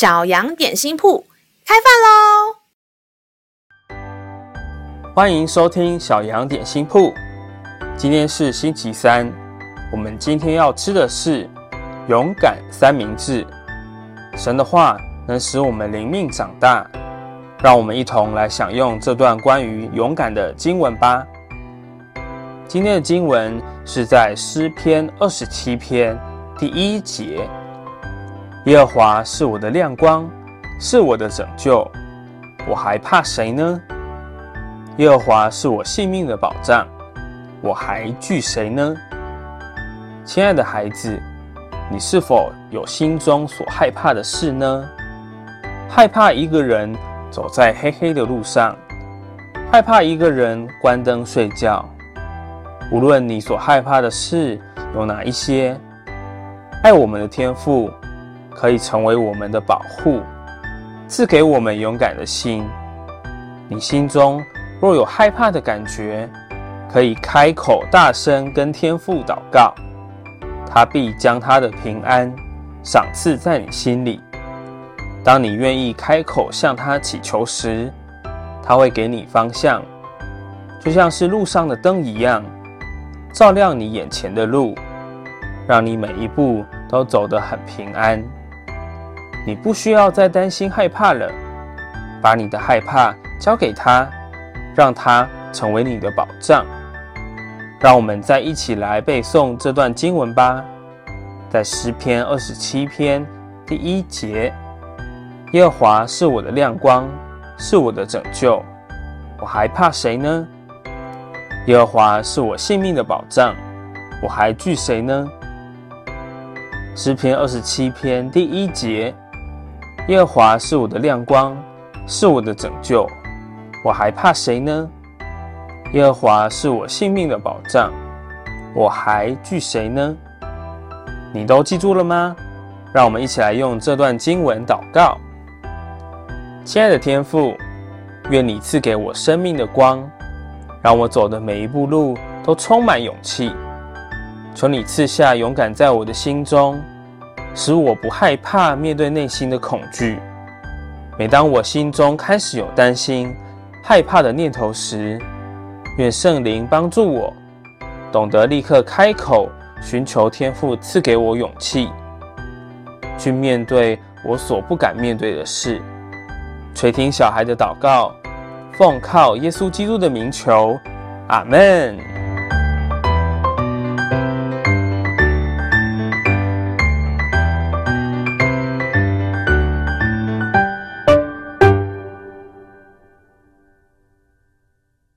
小羊點心鋪開飯嘍！歡迎收聽小羊點心鋪。今天是星期三，我們今天要吃的是勇敢三明治。神的話能使我們靈命長大，讓我們一同來享用這段關於勇敢的經文吧。今天的經文是在詩篇二十七篇第一節。耶和華是我的亮光，是我的拯救，我還怕誰呢？耶和華是我性命的保障，我還懼誰呢？親愛的孩子，你是否有心中所害怕的事呢？害怕一個人走在黑黑的路上，害怕一個人關燈睡覺。無論你所害怕的事有哪一些，愛我們的天父，可以成為我們的保護，賜給我們勇敢的心。你心中若有害怕的感覺，可以開口大聲跟天父禱告，他必將他的平安賞賜在你心裡。當你願意開口向他祈求時，他會給你方向，就像是路上的燈一樣，照亮你眼前的路，讓你每一步都走得很平安。你不需要再擔心害怕了，把你的害怕交給他，讓他成為你的保障。讓我們再一起來背誦這段經文吧，在詩篇二十七篇第一節：耶和華是我的亮光，是我的拯救，我還怕誰呢？耶和華是我性命的保障，我還懼誰呢？詩篇二十七篇第一節。耶和華是我的亮光，是我的拯救，我還怕誰呢？耶和華是我性命的保障，我還懼誰呢？你都記住了嗎？讓我們一起來用這段經文禱告。親愛的天父，願你賜給我生命的光，讓我走的每一步路都充滿勇氣。求你賜下勇敢在我的心中。使我不害怕面對內心的恐懼。每當我心中開始有擔心、害怕的念頭時，願聖靈幫助我，懂得立刻開口尋求天父賜給我勇氣，去面對我所不敢面對的事。垂聽小孩的禱告，奉靠耶穌基督的名求，阿門。